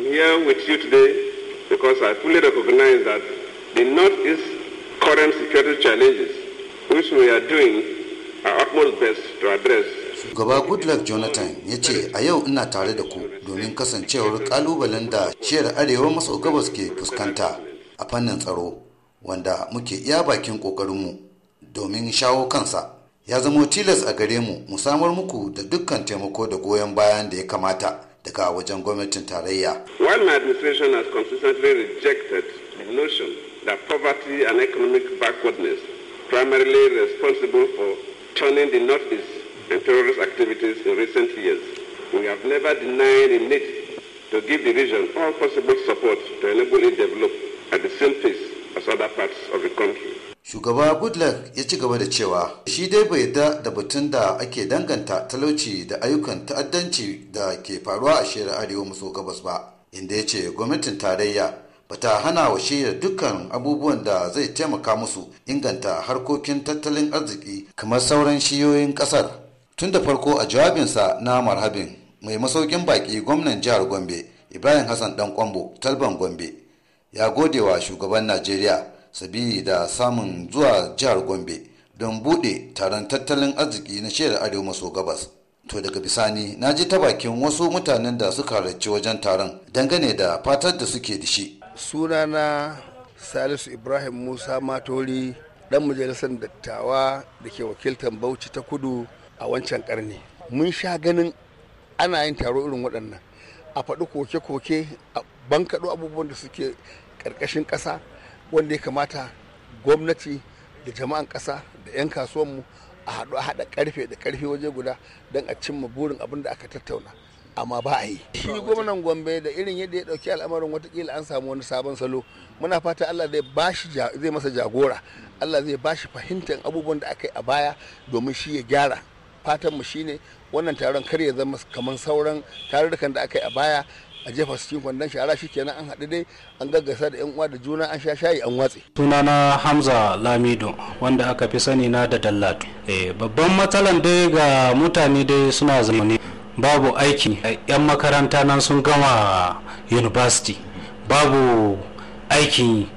I'm here with you today because I fully recognize that the Northeast current security challenges, which we are doing our utmost best to address. Gaba Goodluck Jonathan ya ce a yau ina tare da ku domin kasancewar kalubalen da shiyar arewa maso gabas ke fuskanta a fannin tsaro wanda muke iya bakin ƙoƙarinmu domin shawo kansa. Ya zama tilas a gare mu mu samar muku da dukkan taimako da goyon bayan da ya kamata. daga wajen gwamnatin tarayya. While my administration has consistently rejected the notion that poverty and economic backwardness primarily responsible for turning the northeast and terrorist activities in recent years, we have never denied the need to give the region all possible support to enable it develop at the same pace as other parts of the country. shugaba goodluck ya ci gaba da cewa shi dai bai yadda da batun da ake danganta talauci da ayyukan ta'addanci da ke faruwa a shirin arewa maso gabas ba inda ya ce gwamnatin tarayya ba ta hana wa shirin dukkan abubuwan da zai taimaka musu inganta harkokin tattalin arziki kamar sauran shiyoyin kasar tun da farko a jawabinsa na marhabin mai masaukin baki gwamnan jihar gombe ibrahim hassan dan kwambo talban gombe ya gode wa shugaban najeriya sabida da samun zuwa jihar gombe don buɗe taron tattalin arziki na shirin arewa maso gabas to daga bisani na ji ta bakin wasu mutanen da suka halarci wajen taron dangane da fatar da suke da shi sunana salisu ibrahim musa matoli dan majalisar dattawa da ke wakiltar bauchi ta kudu a wancan karni mun sha ganin ana yin taro irin waɗannan a faɗi koke-koke a bankaɗo abubuwan da suke ƙarƙashin ƙasa wanda ya kamata gwamnati da jama'an kasa da 'yan kasuwanmu a haɗu a haɗa karfe da karfe waje guda don a cimma burin abin da aka tattauna amma ba a yi shi gwamnan gombe da irin yadda ya ɗauki al'amarin watakila an samu wani sabon salo muna fata allah zai bashi zai masa jagora allah zai bashi fahimtar abubuwan da aka yi a baya domin shi ya gyara fatanmu shine wannan taron kar ya zama kamar sauran tarurrukan da aka yi a baya a jefa su cikin kwandon shara shi kenan an haɗu dai an gaggasa da yan uwa da juna an sha shayi an watse sunana hamza lamido wanda aka fi sani na da dallatu eh, babban matsalan dai ga mutane dai suna zamani babu aiki yan makaranta nan sun gama university babu aikin